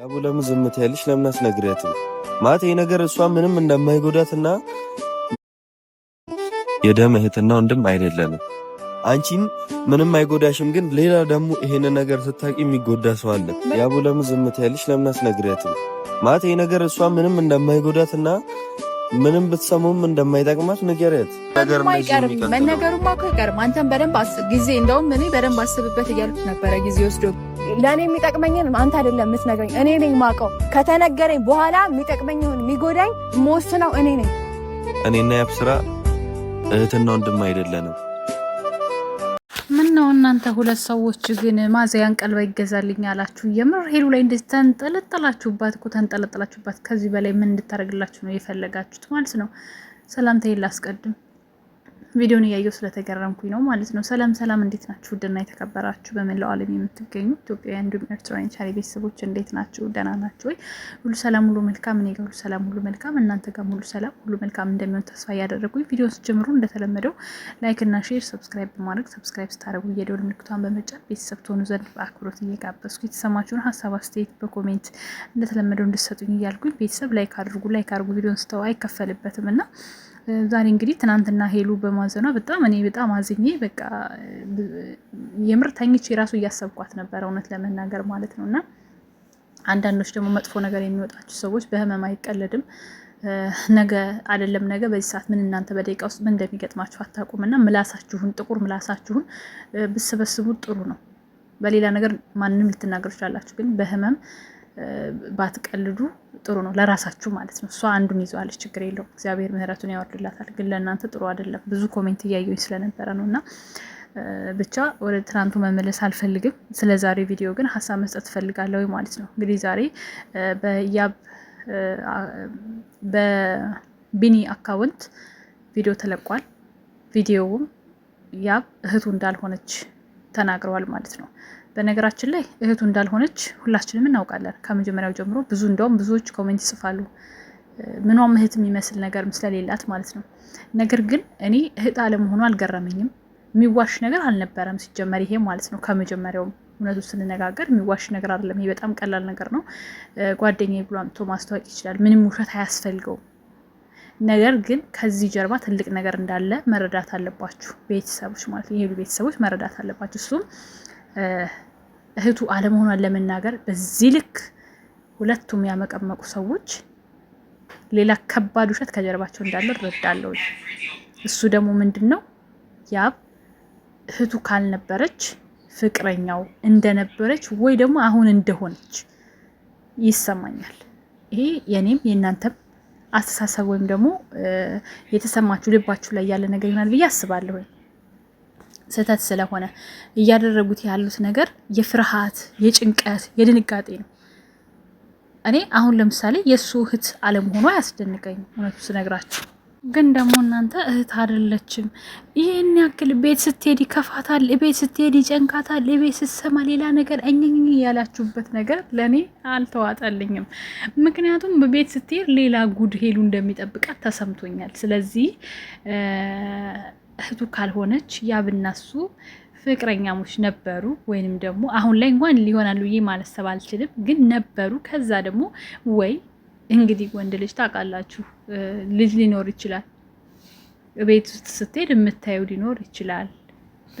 ያቡ ለምን ዝምት ያልሽ? ለምን አትነግሪያትም? ማለት ይሄ ነገር እሷ ምንም እንደማይጎዳትና የደም እህትና ወንድም አይደለንም። አንቺን ምንም አይጎዳሽም፣ ግን ሌላ ደግሞ ይሄን ነገር ስታቂ የሚጎዳ ሰው አለ። ያቡ ለምን ዝምት ያልሽ? ለምን አትነግሪያትም? ማለት ይሄ ነገር እሷ ምንም እንደማይጎዳትና ምንም ብትሰሙም እንደማይጠቅማት ንገረት። መነገሩማ እኮ አይቀርም። አንተም በደንብ አስብ ጊዜ እንደውም እኔ በደንብ አስብበት እያልኩት ነበረ። ጊዜ ወስዶ ለእኔ የሚጠቅመኝን አንተ አይደለም የምትነግረኝ፣ እኔ ነኝ የማውቀው። ከተነገረኝ በኋላ የሚጠቅመኝን የሚጎዳኝ የምወስነው እኔ ነኝ። እኔና ያብስራ እህትና ወንድም አይደለንም። ነው እናንተ ሁለት ሰዎች ግን ማዘያን ቀልባ ይገዛልኝ አላችሁ። የምር ሄሉ ላይ እንደዚህ ተንጠለጠላችሁባት እኮ ተንጠለጠላችሁባት። ከዚህ በላይ ምን እንድታደርግላችሁ ነው የፈለጋችሁት ማለት ነው? ሰላምታዬን ላስቀድም። ቪዲዮን እያየው ስለተገረምኩኝ ነው ማለት ነው። ሰላም ሰላም፣ እንዴት ናችሁ? ውድና የተከበራችሁ በመላው ዓለም የምትገኙ ኢትዮጵያውያን እንዲሁም ኤርትራውያን ቻሌ ቤተሰቦች እንዴት ናችሁ? ደህና ናችሁ ወይ? ሁሉ ሰላም ሁሉ መልካም፣ እኔ ጋር ሁሉ ሰላም ሁሉ መልካም፣ እናንተ ጋር ሁሉ ሰላም ሁሉ መልካም እንደሚሆን ተስፋ እያደረጉኝ ቪዲዮን ስጀምሩ እንደተለመደው ላይክ እና ሼር፣ ሰብስክራይብ በማድረግ ሰብስክራይብ ስታደረጉ የደወል ምልክቷን በመጫን ቤተሰብ ትሆኑ ዘንድ በአክብሮት እየጋበዝኩ የተሰማችሁን ሀሳብ አስተያየት በኮሜንት እንደተለመደው እንድሰጡኝ እያልኩኝ ቤተሰብ ላይክ አድርጉ ላይክ አድርጉ። ቪዲዮን ስተው አይከፈልበትም እና ዛሬ እንግዲህ ትናንትና ሄሉ በማዘኗ በጣም እኔ በጣም አዝኜ በቃ የምር ተኝቼ ራሱ እያሰብኳት ነበረ፣ እውነት ለመናገር ማለት ነው። እና አንዳንዶች ደግሞ መጥፎ ነገር የሚወጣችሁ ሰዎች በህመም አይቀለድም። ነገ አይደለም ነገ በዚህ ሰዓት ምን እናንተ በደቂቃ ውስጥ ምን እንደሚገጥማችሁ አታውቁም። እና ምላሳችሁን ጥቁር ምላሳችሁን ብትሰበስቡ ጥሩ ነው። በሌላ ነገር ማንም ልትናገሩ ይችላላችሁ፣ ግን በህመም ባትቀልዱ ጥሩ ነው፣ ለራሳችሁ ማለት ነው። እሷ አንዱን ይዘዋለች፣ ችግር የለውም። እግዚአብሔር ምሕረቱን ያወርድላታል። ግን ለእናንተ ጥሩ አይደለም። ብዙ ኮሜንት እያየኝ ስለነበረ ነው እና ብቻ ወደ ትናንቱ መመለስ አልፈልግም። ስለ ዛሬ ቪዲዮ ግን ሀሳብ መስጠት እፈልጋለሁ ማለት ነው። እንግዲህ ዛሬ በያብ በቢኒ አካውንት ቪዲዮ ተለቋል። ቪዲዮውም ያብ እህቱ እንዳልሆነች ተናግረዋል ማለት ነው። በነገራችን ላይ እህቱ እንዳልሆነች ሁላችንም እናውቃለን። ከመጀመሪያው ጀምሮ ብዙ እንደውም ብዙዎች ኮሜንት ይጽፋሉ ምኗም እህት የሚመስል ነገር ስለሌላት ማለት ነው። ነገር ግን እኔ እህት አለመሆኑ አልገረመኝም። የሚዋሽ ነገር አልነበረም ሲጀመር ይሄ ማለት ነው። ከመጀመሪያውም እውነቱ ስንነጋገር የሚዋሽ ነገር አይደለም። ይሄ በጣም ቀላል ነገር ነው። ጓደኛ ብሎ አምጥቶ ማስታወቅ ይችላል። ምንም ውሸት አያስፈልገውም። ነገር ግን ከዚህ ጀርባ ትልቅ ነገር እንዳለ መረዳት አለባችሁ ቤተሰቦች ማለት ነው። ቤተሰቦች መረዳት አለባችሁ። እሱም እህቱ አለመሆኗን ለመናገር በዚህ ልክ ሁለቱም ያመቀመቁ ሰዎች ሌላ ከባድ ውሸት ከጀርባቸው እንዳለ እረዳለሁ። እሱ ደግሞ ምንድን ነው ያብ እህቱ ካልነበረች ፍቅረኛው እንደነበረች ወይ ደግሞ አሁን እንደሆነች ይሰማኛል። ይሄ የኔም የእናንተም አስተሳሰብ ወይም ደግሞ የተሰማችሁ ልባችሁ ላይ ያለ ነገር ይሆናል ብዬ አስባለሁ። ስህተት ስለሆነ እያደረጉት ያሉት ነገር የፍርሃት፣ የጭንቀት፣ የድንጋጤ ነው። እኔ አሁን ለምሳሌ የእሱ እህት አለመሆኑ አያስደንቀኝም እውነቱ ስነግራችሁ። ግን ደግሞ እናንተ እህት አይደለችም ይህን ያክል ቤት ስትሄድ ይከፋታል፣ ቤት ስትሄድ ይጨንካታል፣ ቤት ስትሰማ ሌላ ነገር እኝኝ ያላችሁበት ነገር ለእኔ አልተዋጠልኝም። ምክንያቱም በቤት ስትሄድ ሌላ ጉድ ሄሉ እንደሚጠብቃት ተሰምቶኛል። ስለዚህ እህቱ ካልሆነች ያ ብናሱ ፍቅረኛሞች ነበሩ፣ ወይንም ደግሞ አሁን ላይ እንኳን ሊሆናሉ ብዬ ማለሰብ አልችልም፣ ግን ነበሩ። ከዛ ደግሞ ወይ እንግዲህ ወንድ ልጅ ታውቃላችሁ፣ ልጅ ሊኖር ይችላል። ቤት ውስጥ ስትሄድ የምታየው ሊኖር ይችላል።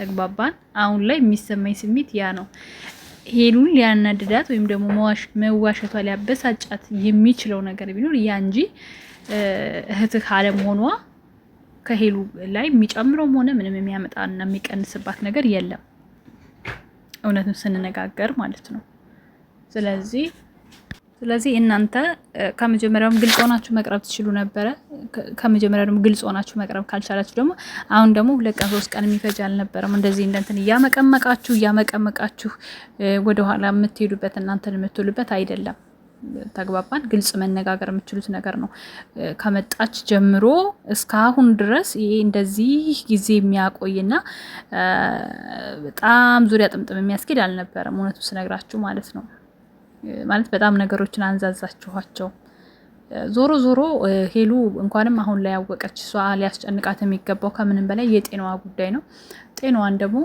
ተግባባን። አሁን ላይ የሚሰማኝ ስሜት ያ ነው። ሄሉን ሊያናድዳት ወይም ደግሞ መዋሸቷ ሊያበሳጫት የሚችለው ነገር ቢኖር ያ እንጂ እህትህ አለመሆኗ ከሄሉ ላይ የሚጨምረውም ሆነ ምንም የሚያመጣና የሚቀንስባት ነገር የለም። እውነትም ስንነጋገር ማለት ነው። ስለዚህ ስለዚህ እናንተ ከመጀመሪያውም ግልጽ ሆናችሁ መቅረብ ትችሉ ነበረ። ከመጀመሪያ ደግሞ ግልጽ ሆናችሁ መቅረብ ካልቻላችሁ ደግሞ አሁን ደግሞ ሁለት ቀን ሶስት ቀን የሚፈጅ አልነበረም። እንደዚህ እንደንትን እያመቀመቃችሁ እያመቀመቃችሁ ወደኋላ የምትሄዱበት እናንተን የምትሉበት አይደለም። ተግባባን። ግልጽ መነጋገር የምችሉት ነገር ነው። ከመጣች ጀምሮ እስካሁን ድረስ ይሄ እንደዚህ ጊዜ የሚያቆይና በጣም ዙሪያ ጥምጥም የሚያስኬድ አልነበረም። እውነቱ ስነግራችሁ ማለት ነው። ማለት በጣም ነገሮችን አንዛዛችኋቸው። ዞሮ ዞሮ ሄሉ እንኳንም አሁን ላይ ያወቀች እሷ ሊያስጨንቃት የሚገባው ከምንም በላይ የጤናዋ ጉዳይ ነው። ጤናዋን ደግሞ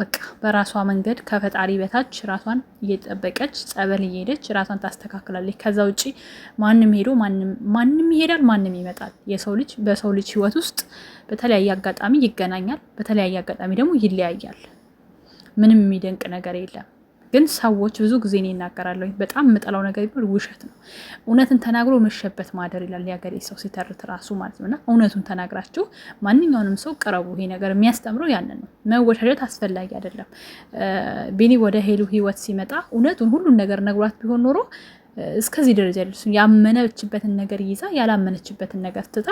በቃ በራሷ መንገድ ከፈጣሪ በታች ራሷን እየጠበቀች ጸበል እየሄደች ራሷን ታስተካክላለች። ከዛ ውጭ ማንም ሄዶ ማንም ይሄዳል፣ ማንም ይመጣል። የሰው ልጅ በሰው ልጅ ህይወት ውስጥ በተለያየ አጋጣሚ ይገናኛል፣ በተለያየ አጋጣሚ ደግሞ ይለያያል። ምንም የሚደንቅ ነገር የለም። ግን ሰዎች ብዙ ጊዜ እኔ ይናገራለሁ፣ በጣም የምጠላው ነገር ቢሆን ውሸት ነው። እውነትን ተናግሮ መሸበት ማደር ይላል የሀገሬ ሰው ሲተርት ራሱ ማለት ነው። እና እውነቱን ተናግራችሁ ማንኛውንም ሰው ቅረቡ። ይሄ ነገር የሚያስተምረው ያንን ነው። መወሻሸት አስፈላጊ አይደለም። ቤኒ ወደ ሄሉ ህይወት ሲመጣ እውነቱን ሁሉን ነገር ነግሯት ቢሆን ኖሮ እስከዚህ ደረጃ ደርሱ። ያመነችበትን ነገር ይዛ ያላመነችበትን ነገር ትታ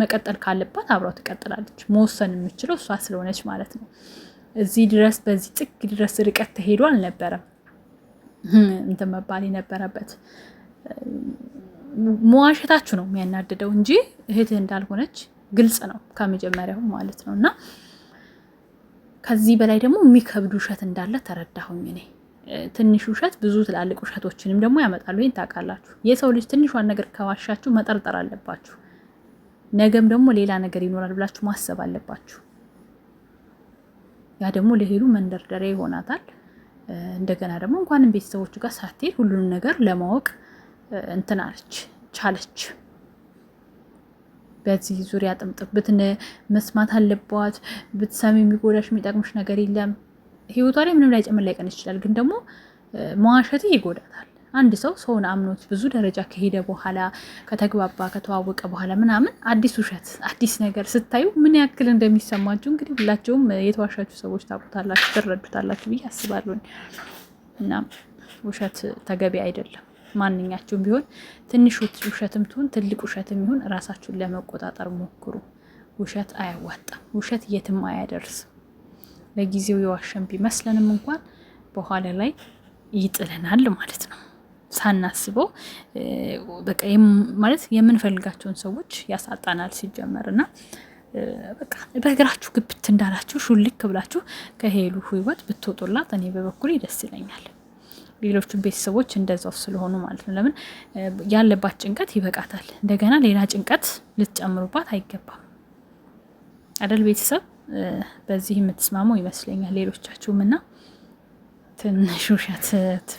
መቀጠል ካለባት አብረው ትቀጥላለች። መወሰን የምችለው እሷ ስለሆነች ማለት ነው። እዚህ ድረስ በዚህ ጥግ ድረስ ርቀት ተሄዶ አልነበረም እንትን መባል የነበረበት። መዋሸታችሁ ነው የሚያናድደው እንጂ እህትህ እንዳልሆነች ግልጽ ነው ከመጀመሪያው ማለት ነው። እና ከዚህ በላይ ደግሞ የሚከብድ ውሸት እንዳለ ተረዳሁኝ እኔ። ትንሽ ውሸት ብዙ ትላልቅ ውሸቶችንም ደግሞ ያመጣሉ። ይህን ታውቃላችሁ። የሰው ልጅ ትንሿን ነገር ከዋሻችሁ መጠርጠር አለባችሁ። ነገም ደግሞ ሌላ ነገር ይኖራል ብላችሁ ማሰብ አለባችሁ። ያ ደግሞ ለሄሉ መንደርደሪያ ይሆናታል። እንደገና ደግሞ እንኳንም ቤተሰቦቹ ጋር ሳትሄድ ሁሉንም ነገር ለማወቅ እንትን አለች ቻለች። በዚህ ዙሪያ ጥምጥም ብትነ መስማት አለባት። ብትሰሚ የሚጎዳሽ የሚጠቅምሽ ነገር የለም። ህይወቷ ላይ ምንም ላይ ጨምር ላይቀን ይችላል፣ ግን ደግሞ መዋሸት ይጎዳታል። አንድ ሰው ሰውን አምኖት ብዙ ደረጃ ከሄደ በኋላ ከተግባባ ከተዋወቀ በኋላ ምናምን አዲስ ውሸት አዲስ ነገር ስታዩ ምን ያክል እንደሚሰማችሁ እንግዲህ ሁላችሁም የተዋሻችሁ ሰዎች ታውቁታላችሁ፣ ትረዱታላችሁ ብዬ አስባለሁ እና ውሸት ተገቢ አይደለም። ማንኛችሁም ቢሆን ትንሽ ውሸትም ትሁን ትልቅ ውሸትም ይሁን እራሳችሁን ለመቆጣጠር ሞክሩ። ውሸት አያዋጣም። ውሸት የትም አያደርስም። ለጊዜው የዋሸን ቢመስለንም እንኳን በኋላ ላይ ይጥለናል ማለት ነው። ሳናስበው በቃ ማለት የምንፈልጋቸውን ሰዎች ያሳጣናል ሲጀመር እና በቃ በእግራችሁ ግብት እንዳላችሁ ሹልክ ብላችሁ ከሄሉ ህይወት ብትወጡላት እኔ በበኩሌ ደስ ይለኛል። ሌሎቹ ቤተሰቦች እንደዛው ስለሆኑ ማለት ነው። ለምን ያለባት ጭንቀት ይበቃታል። እንደገና ሌላ ጭንቀት ልትጨምሩባት አይገባም። አደል ቤተሰብ በዚህ የምትስማሙ ይመስለኛል ሌሎቻችሁም እና ትንሽ ውሸት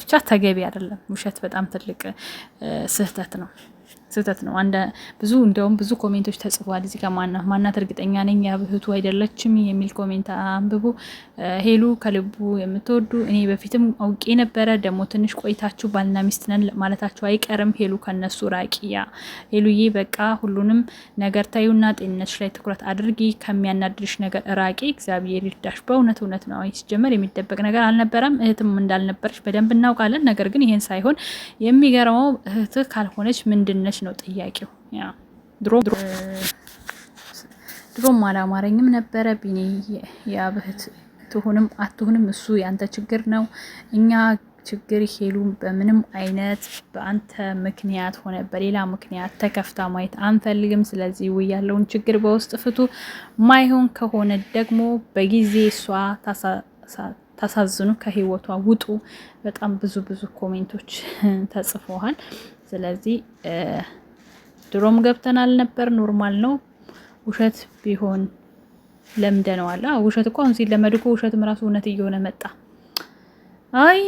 ብቻ ተገቢ አይደለም። ውሸት በጣም ትልቅ ስህተት ነው። ስህተት ነው። ብዙ እንደውም ብዙ ኮሜንቶች ተጽፏል እዚህ ማና ማናት እርግጠኛ ነኝ ያብህቱ አይደለችም የሚል ኮሜንት አንብቡ። ሄሉ ከልቡ የምትወዱ እኔ በፊትም አውቄ ነበረ። ደግሞ ትንሽ ቆይታችሁ ባልና ሚስት ነን ማለታችሁ አይቀርም። ሄሉ ከነሱ ራቂያ ሄሉዬ፣ በቃ ሁሉንም ነገር ታዩና ጤንነትሽ ላይ ትኩረት አድርጊ። ከሚያናድድሽ ነገር ራቂ። እግዚአብሔር ይርዳሽ። በእውነት እውነት ነው። ሲጀመር የሚደበቅ ነገር አልነበረም። እህትም እንዳልነበረች በደንብ እናውቃለን። ነገር ግን ይህን ሳይሆን የሚገርመው እህትህ ካልሆነች ምንድነች ነው ጥያቄው። ድሮም አላማረኝም ነበረ ቢኔ የአብህት ትሁንም አትሁንም እሱ ያንተ ችግር ነው። እኛ ችግር ሄሉ በምንም አይነት በአንተ ምክንያት ሆነ በሌላ ምክንያት ተከፍታ ማየት አንፈልግም። ስለዚህ ው ያለውን ችግር በውስጥ ፍቱ። ማይሆን ከሆነ ደግሞ በጊዜ እሷ ታሳዝኑ፣ ከህይወቷ ውጡ። በጣም ብዙ ብዙ ኮሜንቶች ተጽፈዋል። ስለዚህ ድሮም ገብተናል ነበር፣ ኖርማል ነው። ውሸት ቢሆን ለምደነዋል። ውሸት እኮ አሁን ሲለመድ እኮ ውሸትም ራሱ እውነት እየሆነ መጣ። አይ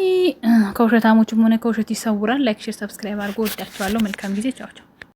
ከውሸታሞችም ሆነ ከውሸት ይሰውራል። ላይክ፣ ሼር፣ ሰብስክራይብ አድርጎ ወዳችኋለሁ። መልካም ጊዜ። ቻውቻው